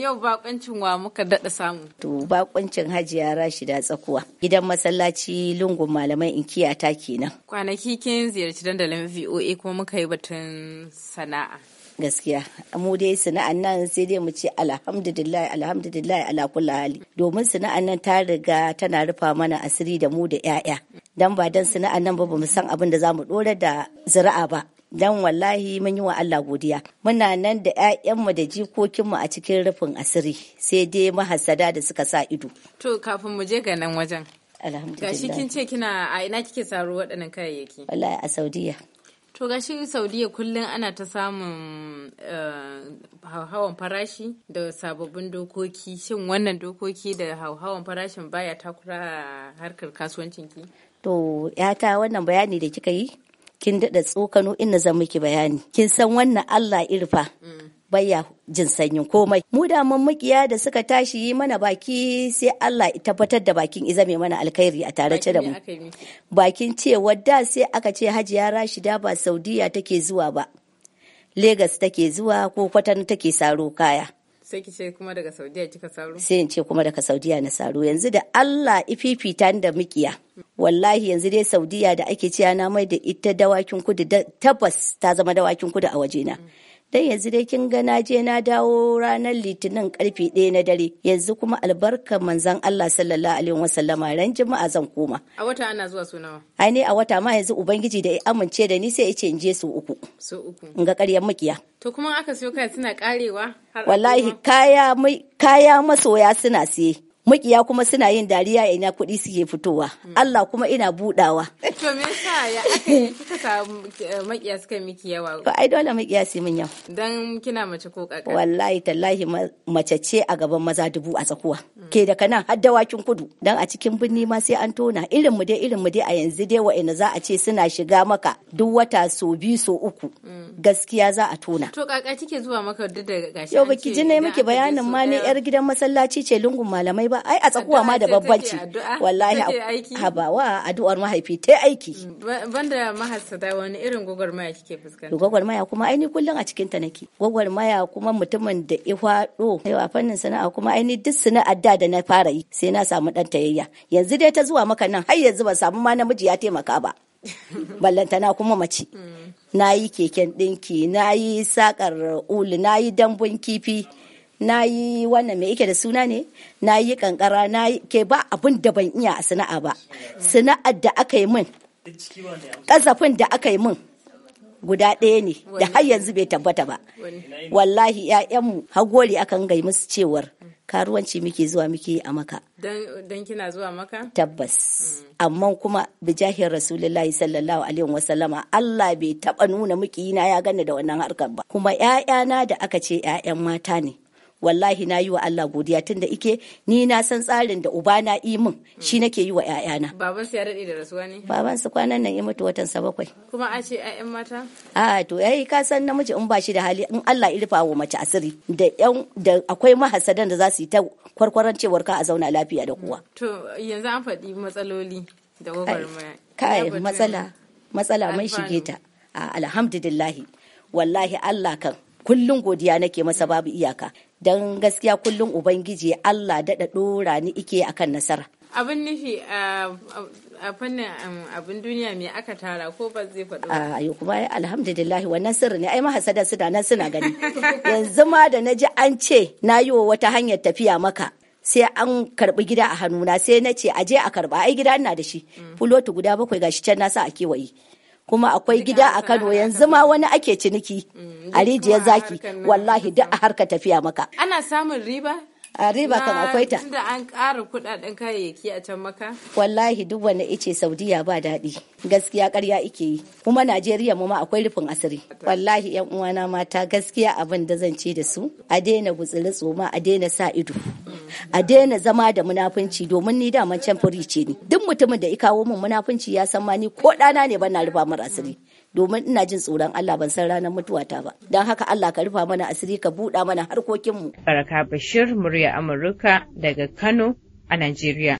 Yau bakuncin wa muka daɗa samu. To bakuncin Hajiya Rashida Tsakuwa. Gidan masallaci lungun malamai in kiyata kenan. Kwanaki kin ziyarci dandalin VOA kuma muka yi batun sana'a. gaskiya mu dai sana'an nan sai dai mu ce alhamdulillah alhamdulillah ala kulli hali domin sana'an nan ta riga tana rufa mana asiri da mu da 'ya'ya dan ba dan sana'an nan ba bamu san abin da zamu dora da zira'a ba dan wallahi mun yi wa Allah godiya muna nan da ƴaƴanmu da jikokinmu a cikin rufin asiri sai dai mahassada da suka sa ido to kafin mu je ga nan wajen alhamdulillah gashi kin ce kina a ina kike saro waɗannan kayayyaki wallahi a Saudiya To gashi Saudiya kullum ana ta samun eh, hauhawan farashi da sababbin dokoki. Shin wannan dokoki da hauhawan farashin baya takura harkar kasuwancinki. ki? To, yata wannan bayani da kika yi kin daɗa tsokano ina zan miki bayani kin san wannan Allah irfa baya jin sanyin komai mu da mukiya da suka tashi yi mana baki sai Allah ya tabbatar da bakin izame mana alkhairi a tare da mu bakin cewa da sai aka ce hajiya Rashida ba Saudiya take zuwa ba Legas take zuwa ko kwatan take saro kaya sai ki ce kuma daga saudiya kika saro sai in ce kuma daga saudiya na saro yanzu da allah ififita da mikiya wallahi yanzu dai saudiya da ake ciya na mai da ita dawakin kudu tabbas ta zama dawakin kudu a wajena mm. dai yanzu dai kin ga na je na dawo ranar litinin karfe ɗaya na dare yanzu kuma albarkar manzon Allah sallallahu alaihi wasallama ran juma'a zan koma a wata ana zuwa su nawa ai ne a wata ma yanzu ubangiji da ya amince da ni sai ya ce in je su uku su uku in ga ƙaryar makiya to kuma aka siyo kaya suna karewa wallahi kaya kaya masoya suna siye makiya kuma suna yin dariya ina kuɗi suke fitowa hmm. Allah kuma ina budawa To me yasa ya aka kika samu eh, makiya suka miki yawa? Ba ai dole makiya su min yawa. Dan kina mace ko kaka. Wallahi tallahi mace ce a gaban maza dubu a tsakuwa. Ke daga nan har wakin kudu. Dan a cikin birni ma sai an tona irin mu dai irin mu dai a yanzu dai wa'ina za a ce suna shiga maka duk wata so biyu so uku. Mm. Gaskiya za a tona. To kaka kike zuwa maka duk da gashi. Yau baki ji ne miki bayanin ma ne yar gidan masallaci ce lungun malamai ba ai a tsakuwa ma da babbanci. Wallahi haba wa addu'ar mahaifi ta aiki mm, banda mahasada wani irin gwagwarmaya kike fuskanta gwagwarmaya kuma aini kullum a cikin ta nake gwagwarmaya kuma mutumin da ya hwado a fannin sana'a kuma aini duk sana'ar da da na fara yi sai na samu dan tayayya yanzu dai ta zuwa maka nan har yanzu ba samu ma namiji ya taimaka ba ballantana kuma mace mm. na yi keken ɗinki na yi sakar uli, na yi dambun kifi na yi wannan mai yake da suna ne na yi kankara na ke ba abin da ban iya a sana'a ba sana'ar da aka yi min kasafin da aka yi min guda ɗaya ne da har yanzu bai tabbata ba wallahi 'ya'yanmu hagori akan gai musu cewar karuwanci muke zuwa muke a maka don kina zuwa maka tabbas mm. amma kuma bijahin rasulullahi sallallahu alaihi wasallama Allah bai taba nuna muke na ya gani da wannan harkar ba kuma 'ya'yana da aka ce 'ya'yan mata ne wallahi na yi wa Allah godiya tunda ike ni na san tsarin da uba na imin shi mm. nake yi wa ‘ya’yana. baban su ya daɗe da rasuwa ne baban su kwanan nan ya mutu watan sa bakwai kuma a ce ‘ya’yan mata a to yayi ka san namiji in ba shi da hali in Allah ya wa mace asiri da da akwai mahasadan da za su yi ta kwarkwaran cewar ka a zauna lafiya da kowa to yanzu an faɗi matsaloli da gwagwarmaya kai matsala matsala mai shige ta alhamdulillahi wallahi Allah kan kullum godiya nake masa babu iyaka don gaskiya kullum ubangiji Allah daɗa ɗora ni ike akan nasara. Abin nufi a fannin um, abin duniya me aka tara ko ba zai faɗo a yau, kuma alhamdulillah wannan sirri ne ai mahasada suna nan suna gani. Yanzu ma da na ji an ce na yi wa wata hanyar tafiya maka. sai an karbi gida a hannuna sai na ce aje a karba ai gida ina da shi mm. fuloti guda bakwai gashi can na sa a kewaye kuma akwai gida a Kano yanzu ma wani ake ciniki mm, a rijiyar zaki wallahi duk a harka tafiya maka. Ana samun riba? a riba akwai tunda an ƙara kuɗaɗen kayayyaki a can maka wallahi duk wanda ice saudiya ba daɗi gaskiya ƙarya ike yi kuma najeriya mu ma akwai rufin asiri wallahi yan uwana mata gaskiya abin da zan ci da su a daina gutsiri tsoma a daina sa ido a daina zama da munafunci domin ni da can furi ce ni duk mutumin da ya kawo min munafunci ya san ma ni ko ɗana ne ban na rufa mar asiri domin ina jin tsoron Allah ban san ranar mutuwata ba don haka Allah ka rufa mana asiri ka buɗa mana harkokinmu. Baraka Bashir murya Amurka daga Kano a Najeriya.